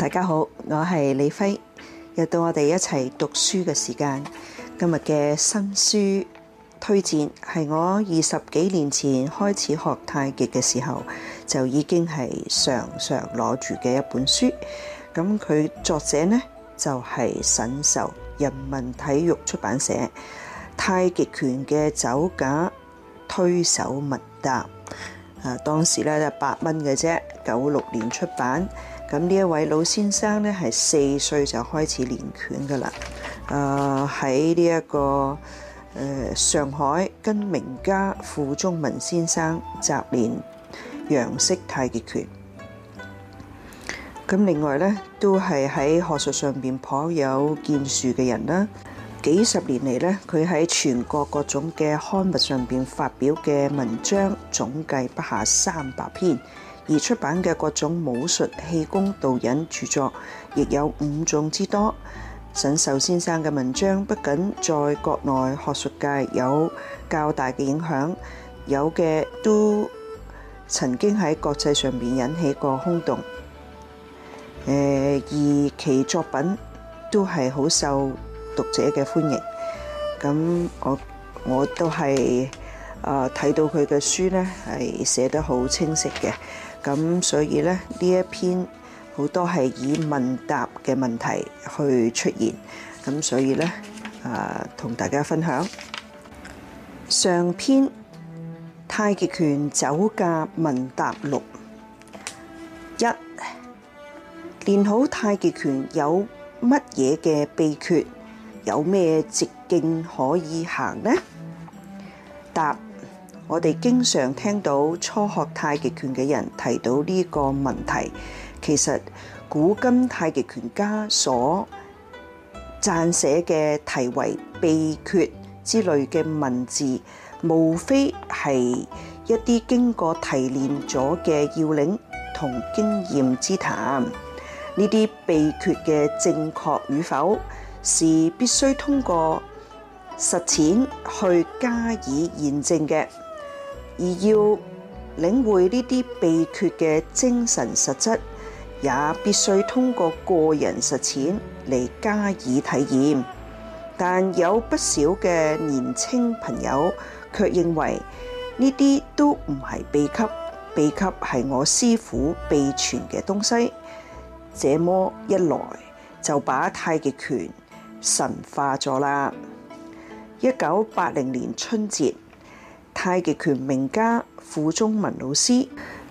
大家好，我係李輝，又到我哋一齊讀書嘅時間。今日嘅新書推薦係我二十幾年前開始學太極嘅時候就已經係常常攞住嘅一本書。咁佢作者呢就係沈壽，人民體育出版社《太極拳嘅走架推手問答》啊，當時呢就八蚊嘅啫，九六年出版。咁呢一位老先生咧，係四歲就開始練拳㗎喇，誒喺呢一個誒、呃、上海跟名家傅鍾文先生習練楊式太極拳。咁另外咧，都係喺學術上邊頗有建樹嘅人啦。幾十年嚟咧，佢喺全國各種嘅刊物上邊發表嘅文章總計不下三百篇。而出版嘅各種武術、氣功導引著作，亦有五種之多。沈壽先生嘅文章不僅在國內學術界有較大嘅影響，有嘅都曾經喺國際上面引起過轟動。誒，而其作品都係好受讀者嘅歡迎。咁我我都係啊睇到佢嘅書呢，係寫得好清晰嘅。咁所以咧，呢一篇好多係以問答嘅問題去出現。咁所以咧，啊，同大家分享上篇《太極拳走架問答六一》，練好太極拳有乜嘢嘅秘訣？有咩捷徑可以行呢？答。我哋經常聽到初學太極拳嘅人提到呢個問題。其實古今太極拳家所撰寫嘅題為秘訣之類嘅文字，無非係一啲經過提煉咗嘅要領同經驗之談。呢啲秘訣嘅正確與否，是必須通過實踐去加以驗證嘅。而要領會呢啲秘訣嘅精神實質，也必須通過個人實踐嚟加以體驗。但有不少嘅年青朋友卻認為呢啲都唔係秘笈，秘笈係我師傅秘傳嘅東西。這麼一來，就把太極拳神化咗啦。一九八零年春節。太極拳名家傅鍾文老師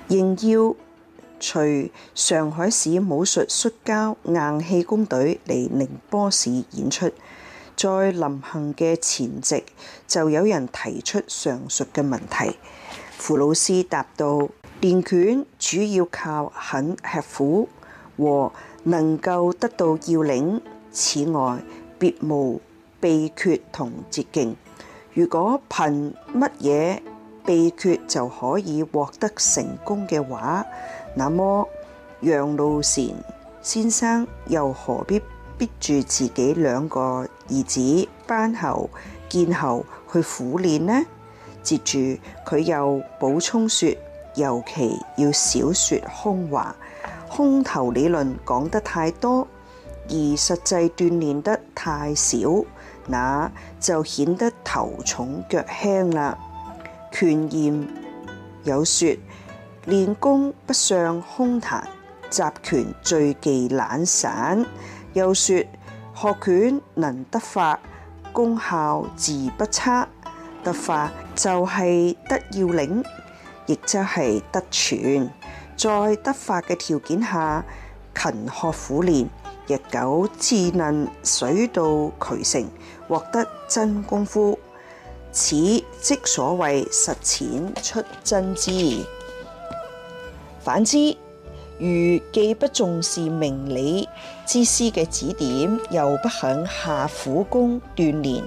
應邀隨上海市武術摔跤硬氣功隊嚟寧波市演出，在臨行嘅前夕，就有人提出上述嘅問題。傅老師答道：練拳主要靠肯吃苦和能夠得到要領，此外別無秘訣同捷徑。如果憑乜嘢秘訣就可以獲得成功嘅話，那麼楊露禪先生又何必逼住自己兩個兒子班侯健侯去苦練呢？接住佢又補充說，尤其要少説空話，空頭理論講得太多，而實際鍛鍊得太少。那就顯得頭重腳輕啦。拳言有説，練功不尚空談，習拳最忌懶散。又説學拳能得法，功效自不差。得法就係得要領，亦即係得傳。在得法嘅條件下，勤學苦練，日久自能水到渠成。獲得真功夫，此即所謂實踐出真知。反之，如既不重視明理之師嘅指點，又不肯下苦功鍛煉，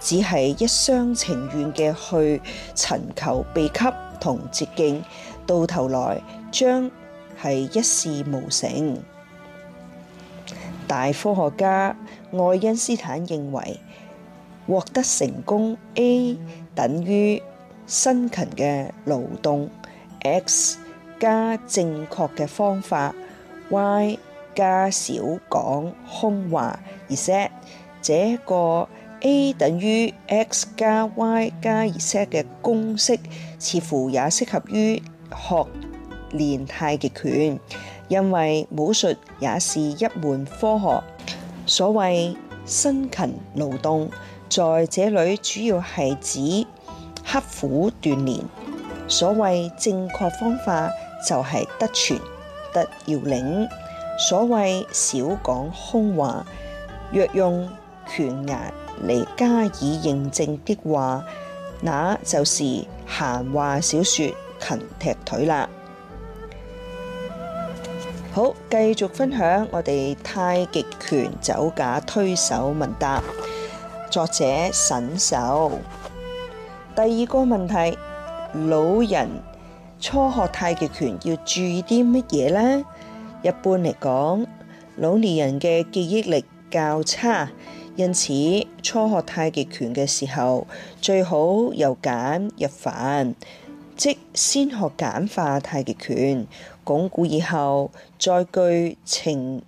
只係一廂情願嘅去尋求秘笈同捷徑，到頭來將係一事無成。大科學家愛因斯坦認為。獲得成功，A 等於辛勤嘅勞動，X 加正確嘅方法，Y 加少講空話，而 Z。這個 A 等於 X 加 Y 加 Z 嘅公式，似乎也適合於學練太極拳，因為武術也是一門科學。所謂辛勤勞動。在這裏主要係指刻苦鍛鍊。所謂正確方法，就係得傳得要領。所謂少講空話，若用拳諺嚟加以認證的話，那就是閒話少說、勤踢腿啦。好，繼續分享我哋太極拳走架推手問答。作者沈壽。第二個問題，老人初學太極拳要注意啲乜嘢呢？一般嚟講，老年人嘅記憶力較差，因此初學太極拳嘅時候，最好由簡入繁，即先學簡化太極拳，鞏固以後再據情。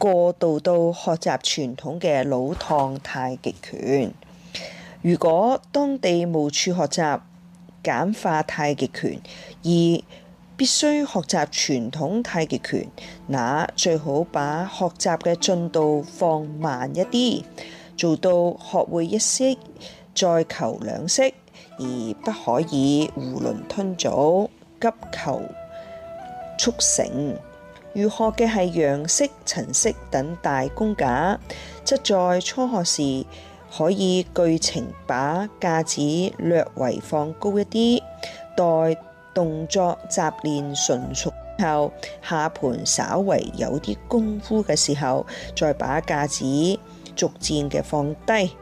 過渡到學習傳統嘅老趟太極拳。如果當地無處學習，簡化太極拳，而必須學習傳統太極拳，那最好把學習嘅進度放慢一啲，做到學會一式，再求兩式，而不可以囫圇吞棗、急求速成。如學嘅係楊式、陳式等大功架，則在初學時可以據情把架子略為放高一啲，待動作習練純熟後，下盤稍為有啲功夫嘅時候，再把架子逐漸嘅放低。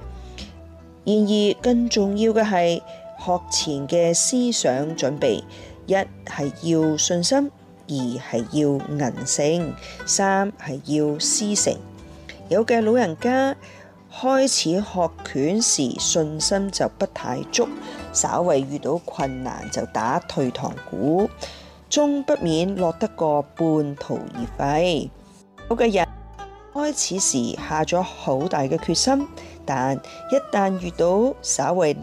然而更重要嘅係學前嘅思想準備，一係要信心。二係要韌性，三係要思誠。有嘅老人家開始學拳時信心就不太足，稍為遇到困難就打退堂鼓，終不免落得個半途而廢。有嘅人開始時下咗好大嘅決心，但一旦遇到稍為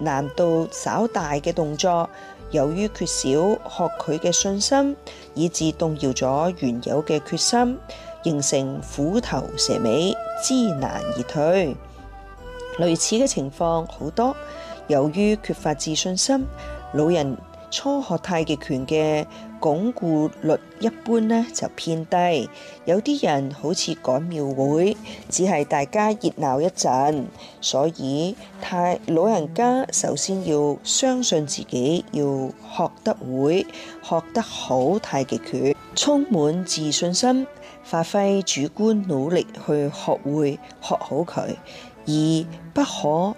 難度稍大嘅動作，由於缺少學佢嘅信心，以致動搖咗原有嘅決心，形成虎頭蛇尾，知難而退。類似嘅情況好多，由於缺乏自信心，老人。初學太極拳嘅鞏固率一般呢就偏低，有啲人好似趕廟會，只係大家熱鬧一陣，所以太老人家首先要相信自己，要學得會，學得好太極拳，充滿自信心，發揮主觀努力去學會，學好佢，而不可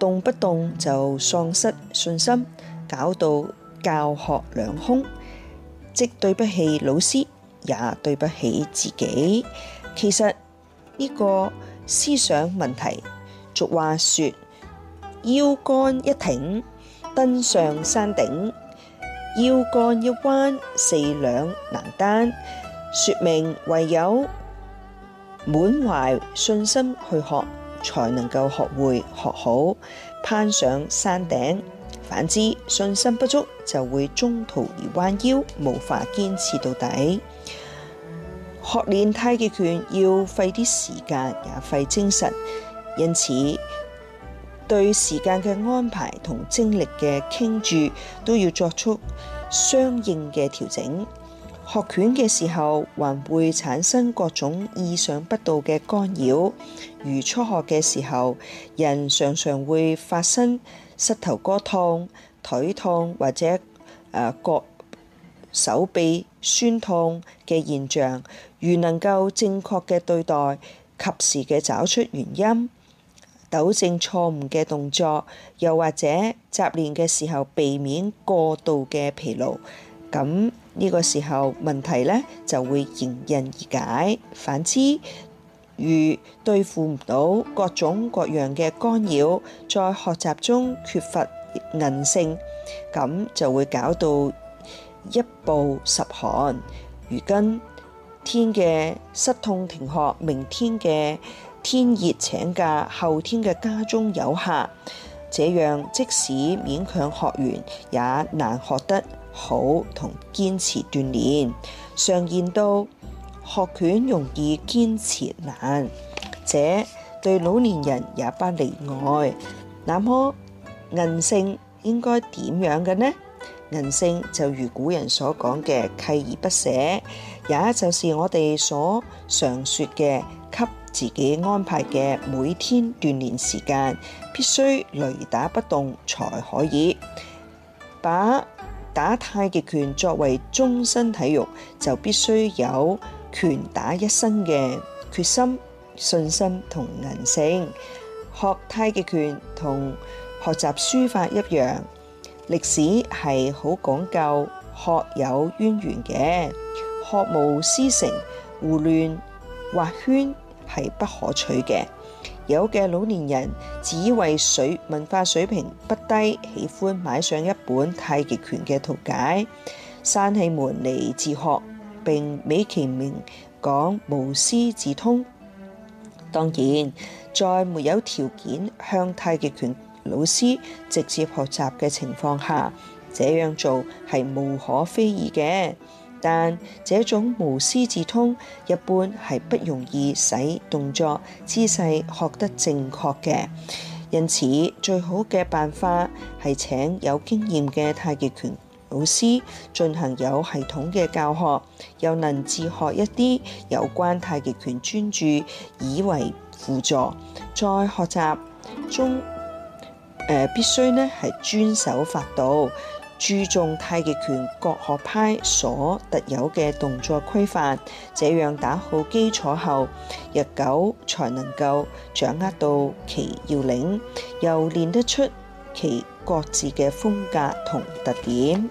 動不動就喪失信心。搞到教學兩空，即對不起老師，也對不起自己。其實呢、這個思想問題，俗話説：腰桿一挺，登上山頂；腰桿一彎，四兩難擔。説明唯有滿懷信心去學，才能夠學會學好，攀上山頂。反之，信心不足就會中途而彎腰，無法堅持到底。學練太極拳要費啲時間，也費精神，因此對時間嘅安排同精力嘅傾注都要作出相應嘅調整。學拳嘅時候還會產生各種意想不到嘅干擾，如初學嘅時候，人常常會發生。膝頭哥痛、腿痛或者誒膊、手臂酸痛嘅現象，如能夠正確嘅對待、及時嘅找出原因、糾正錯誤嘅動作，又或者習練嘅時候避免過度嘅疲勞，咁呢個時候問題呢就會迎刃而解。反之，如對付唔到各種各樣嘅干擾，在學習中缺乏韌性，咁就會搞到一暴十寒。如今天嘅失痛停學，明天嘅天熱請假，後天嘅家中有客，這樣即使勉強學完，也難學得好同堅持鍛鍊。常見到。學拳容易堅持難，這對老年人也不例外。那麼韌性應該點樣嘅呢？韌性就如古人所講嘅鍥而不捨，也就是我哋所常說嘅，給自己安排嘅每天鍛鍊時間，必須雷打不動才可以。把打太極拳作為終身體育，就必須有。拳打一生嘅決心、信心同人性，學太極拳同學習書法一樣，歷史係好講究學有淵源嘅，學無師承胡亂畫圈係不可取嘅。有嘅老年人只為水文化水平不低，喜歡買上一本太極拳嘅圖解，閂起門嚟自學。並美其名講無師自通，當然在沒有條件向太極拳老師直接學習嘅情況下，這樣做係無可非議嘅。但這種無師自通一般係不容易使動作姿勢學得正確嘅，因此最好嘅辦法係請有經驗嘅太極拳老師進行有系統嘅教學，又能自學一啲有關太極拳專注以為輔助。在學習中，呃、必須咧係遵守法度，注重太極拳各學派所特有嘅動作規範。這樣打好基礎後，日久才能夠掌握到其要領，又練得出其各自嘅風格同特點。